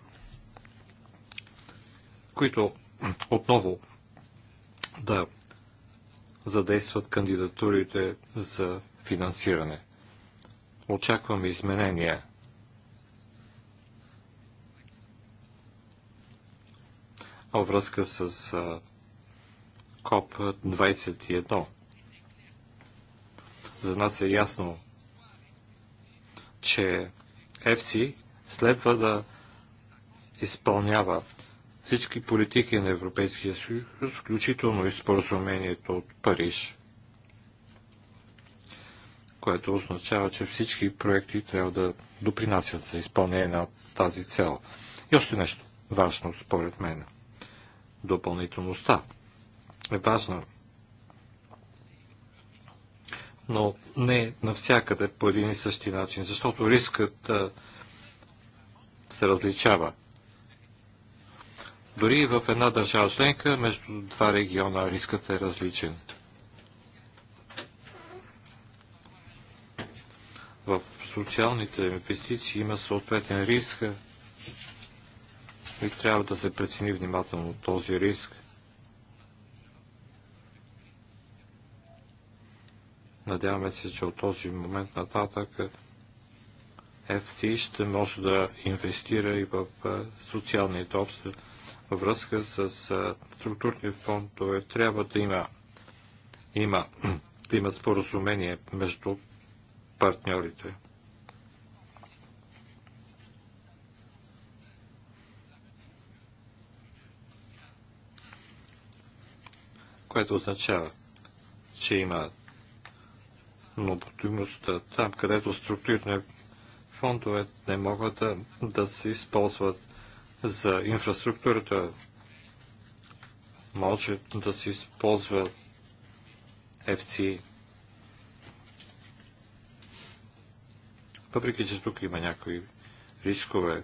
които отново да задействат кандидатурите за финансиране. Очакваме изменения. А връзка с КОП-21. За нас е ясно, че ЕФСИ следва да изпълнява всички политики на Европейския съюз, включително и споразумението от Париж, което означава, че всички проекти трябва да допринасят за изпълнение на тази цел. И още нещо важно, според мен. Допълнителността е важна. Но не навсякъде по един и същи начин, защото рискът се различава. Дори в една държава членка между два региона рискът е различен. В социалните инвестиции има съответен риск и трябва да се прецени внимателно този риск. Надяваме се, че от този момент нататък FC ще може да инвестира и в социалните общества Във връзка с структурни фондове трябва да има, има, да има споразумение между партньорите. което означава, че има необходимостта там, където структурни фондове не могат да, да се използват за инфраструктурата. Може да се използва FC. Въпреки, че тук има някои рискове,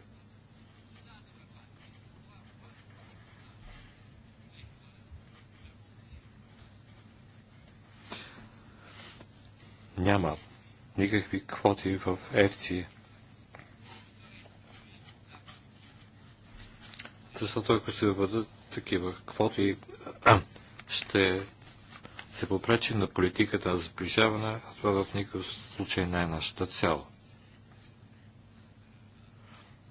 Няма никакви квоти в ЕФЦИ. Защото ако се въведат такива квоти, ще се попречи на политиката на сближаване, а това в никакъв случай не е нашата цел.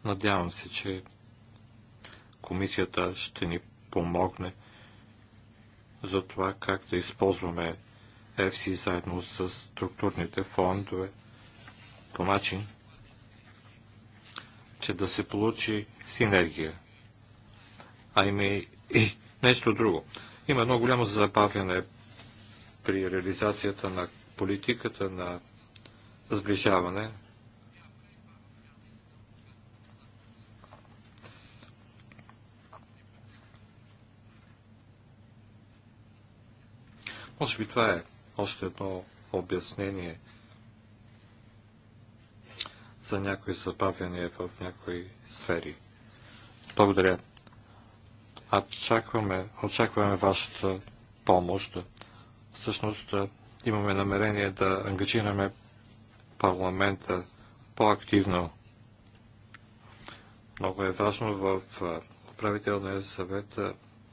Надявам се, че комисията ще ни помогне за това как да използваме ЕФСИ заедно с структурните фондове по начин, че да се получи синергия. А има и нещо друго. Има едно голямо забавяне при реализацията на политиката на сближаване. Може би това е още едно обяснение за някои забавяния в някои сфери. Благодаря. Очакваме, очакваме вашата помощ. Всъщност имаме намерение да ангажираме парламента по-активно. Много е важно в управителния съвет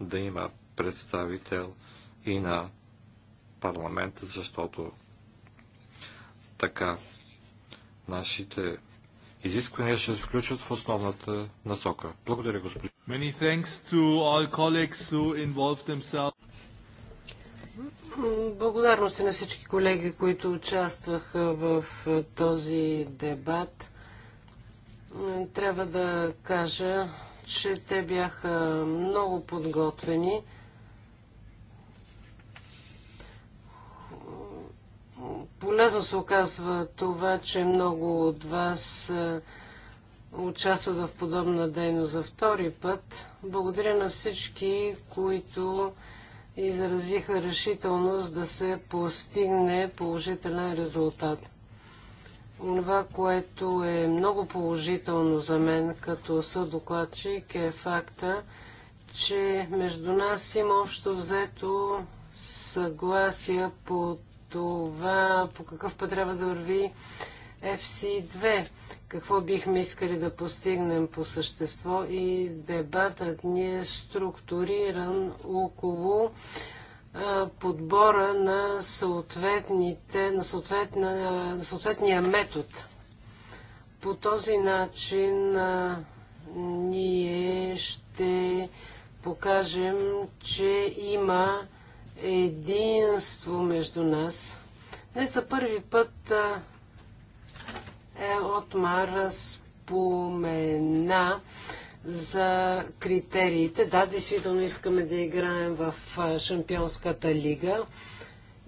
да има представител и на парламент, защото така нашите изисквания ще се включат в основната насока. Благодаря, господин. Many thanks to all colleagues who involved themselves. на всички колеги, които участваха в е, този дебат. Трябва да кажа, че те бяха много подготвени. полезно се оказва това, че много от вас е, участват в подобна дейност за втори път. Благодаря на всички, които изразиха решителност да се постигне положителен резултат. Това, което е много положително за мен като съдокладчик е факта, че между нас има общо взето съгласие по това по какъв път трябва да върви FC2, какво бихме искали да постигнем по същество и дебатът ни е структуриран около подбора на, съответните, на, съответна, на съответния метод. По този начин а, ние ще покажем, че има единство между нас. Е, за първи път е, отмара спомена за критериите. Да, действително искаме да играем в Шампионската лига.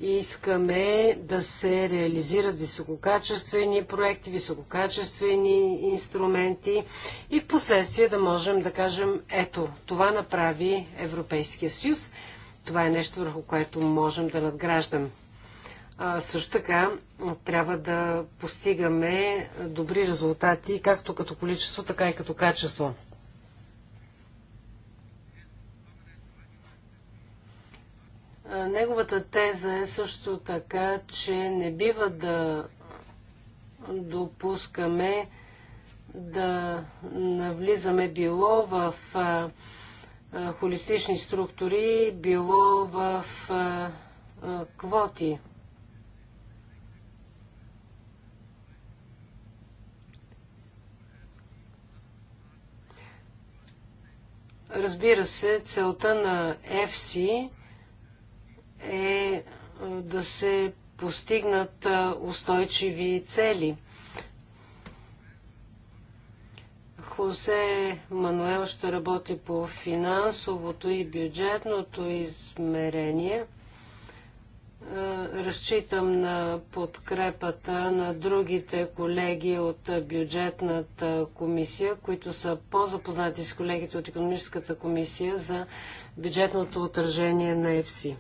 Искаме да се реализират висококачествени проекти, висококачествени инструменти и в последствие да можем да кажем ето, това направи Европейския съюз – това е нещо върху което можем да надграждам. А, също така трябва да постигаме добри резултати, както като количество, така и като качество. А, неговата теза е също така, че не бива да допускаме да навлизаме било в а, холистични структури, било в квоти. Разбира се, целта на ЕФСИ е да се постигнат устойчиви цели – Хосе Мануел ще работи по финансовото и бюджетното измерение. Е, разчитам на подкрепата на другите колеги от бюджетната комисия, които са по-запознати с колегите от економическата комисия за бюджетното отражение на ЕФСИ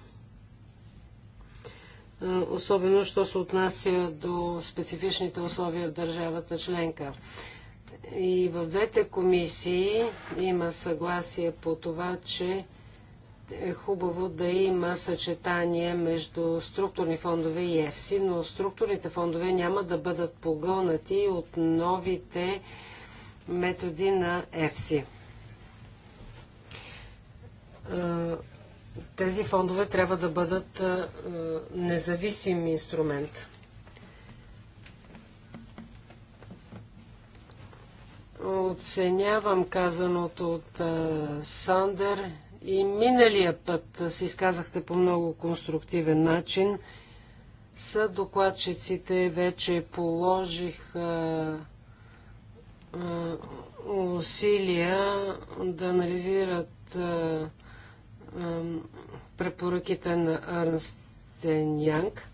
е, особено що се отнася до специфичните условия в държавата членка. И в двете комисии има съгласие по това, че е хубаво да има съчетание между структурни фондове и ЕФСИ, но структурните фондове няма да бъдат погълнати от новите методи на ЕФСИ. Тези фондове трябва да бъдат независим инструмент. Оценявам казаното от а, Сандър. и миналия път се изказахте по много конструктивен начин. Са докладчиците вече положих а, а, усилия да анализират а, а, препоръките на Арнстен Янг.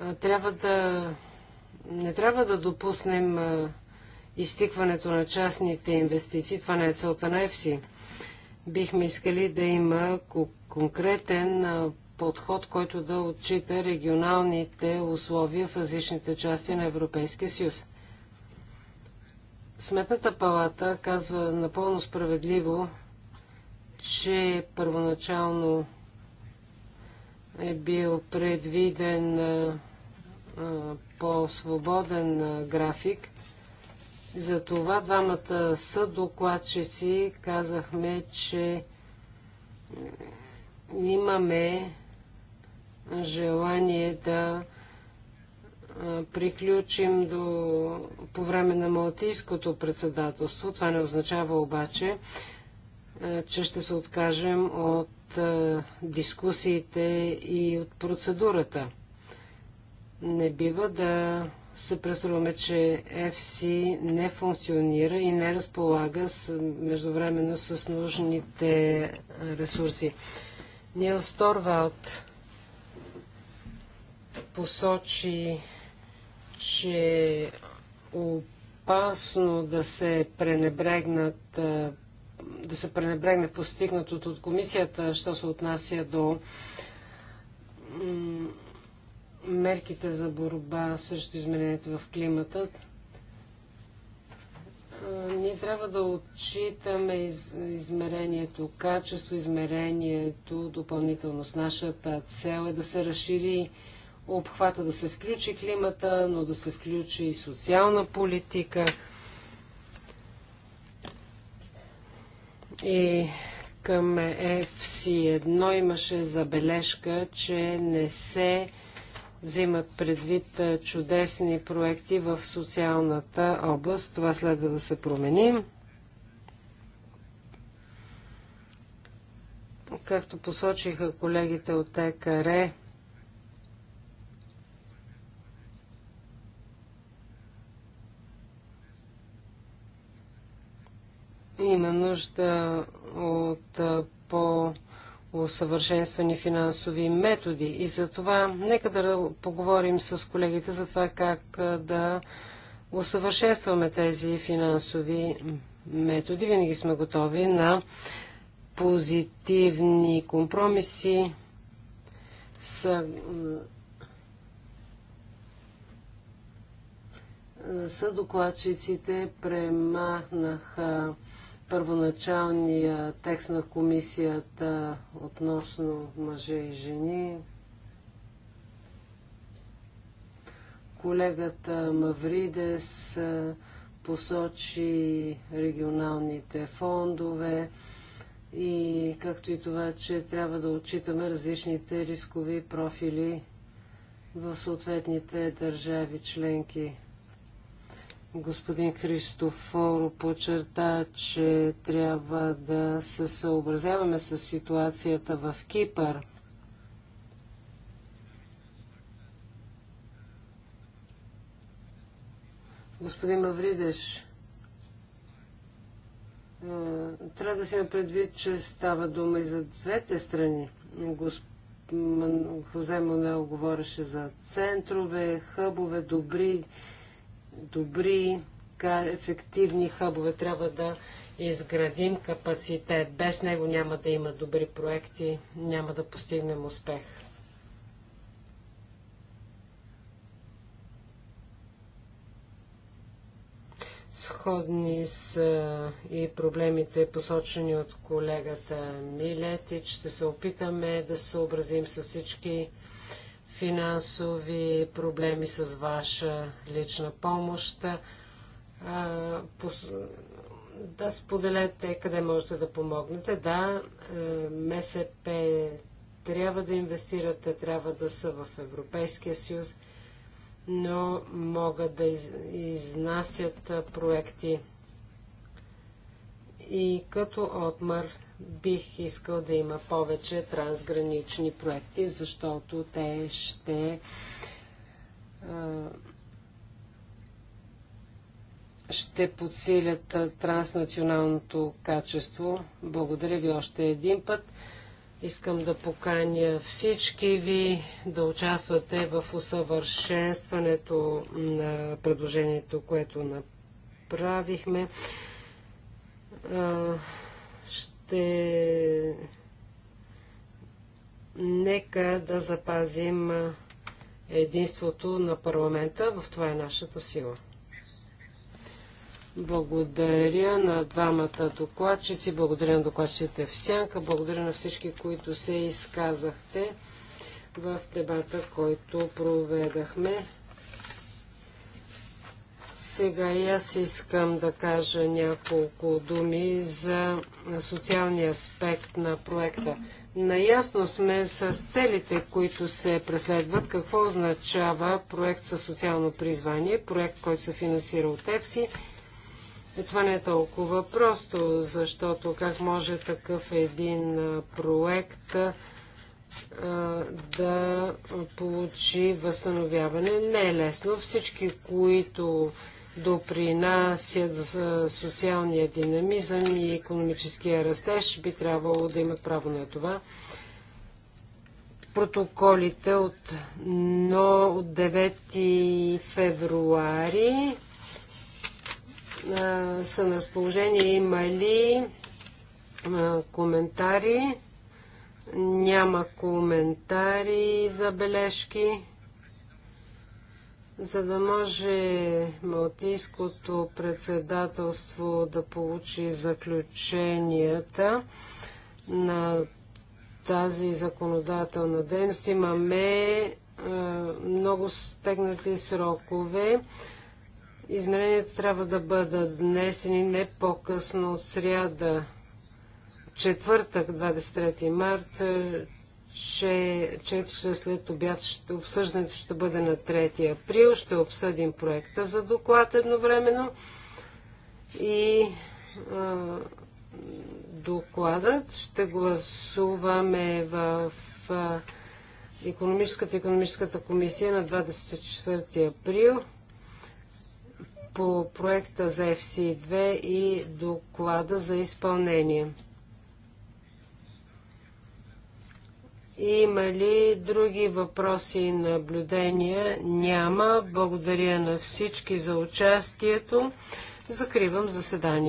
А, трябва да не трябва да допуснем а, изтикването на частните инвестиции. Това не е целта на ЕФСИ. Бихме искали да има конкретен подход, който да отчита регионалните условия в различните части на Европейския съюз. Сметната палата казва напълно справедливо, че първоначално е бил предвиден по-свободен график, за това двамата са докладчици казахме, че е, имаме желание да е, приключим до, по време на Малтийското председателство. Това не означава обаче, е, че ще се откажем от дискусиите и от процедурата. Не бива да се преструваме, че FC не функционира и не разполага с, междувременно с нужните ресурси. Нил Сторвалд посочи, че опасно да се пренебрегнат да се пренебрегне постигнатото от комисията, що се отнася до мерките за борба срещу изменението в климата, ние трябва да отчитаме из, измерението качество, измерението допълнителност. Нашата цел е да се разшири обхвата, да се включи климата, но да се включи и социална политика. И към FC1 имаше забележка, че не се взимат предвид чудесни проекти в социалната област. Това следва да се промени. Както посочиха колегите от ЕКР, има нужда от по- усъвършенствани финансови методи. И за това нека да поговорим с колегите за това как да усъвършенстваме тези финансови методи. Винаги сме готови на позитивни компромиси. С... Съдокладчиците премахнаха първоначалния текст на комисията относно мъже и жени. Колегата Мавридес посочи регионалните фондове и както и това, че трябва да отчитаме различните рискови профили в съответните държави членки. Господин Христофоро подчерта, че трябва да се съобразяваме с ситуацията в Кипър. Господин Мавридеш, е, трябва да си има предвид, че става дума и за двете страни. Госп... Хозе Монел говореше за центрове, хъбове, добри добри, ефективни хъбове. Трябва да изградим капацитет. Без него няма да има добри проекти, няма да постигнем успех. Сходни са и проблемите, посочени от колегата Милетич. Ще се опитаме да съобразим с всички финансови проблеми с ваша лична помощ. Да споделете къде можете да помогнете. Да, МСП трябва да инвестирате, трябва да са в Европейския съюз, но могат да изнасят проекти и като отмър бих искал да има повече трансгранични проекти, защото те ще ще подсилят транснационалното качество. Благодаря ви още един път. Искам да поканя всички ви да участвате в усъвършенстването на предложението, което направихме ще нека да запазим единството на парламента. В това е нашата сила. Благодаря на двамата докладчици, благодаря на докладчите в Сянка, благодаря на всички, които се изказахте в дебата, който проведахме. Сега и аз искам да кажа няколко думи за социалния аспект на проекта. Наясно сме с целите, които се преследват. Какво означава проект със социално призвание, проект, който се финансира от ЕФСИ? Е, това не е толкова просто, защото как може такъв един проект да получи възстановяване? Не е лесно. Всички, които допринасят за социалния динамизъм и економическия растеж, би трябвало да имат право на това. Протоколите от, 9 февруари са на сположение, Има ли коментари? Няма коментари, забележки за да може Малтийското председателство да получи заключенията на тази законодателна дейност. Имаме е, много стегнати срокове. Измеренията трябва да бъдат внесени не по-късно от сряда, четвъртък, 23 марта че, че след обяд ще, обсъждането ще бъде на 3 април. Ще обсъдим проекта за доклад едновременно и а, докладът ще гласуваме в а, економическата, економическата комисия на 24 април по проекта за FC2 и доклада за изпълнение. Има ли други въпроси и наблюдения? Няма. Благодаря на всички за участието. Закривам заседанието.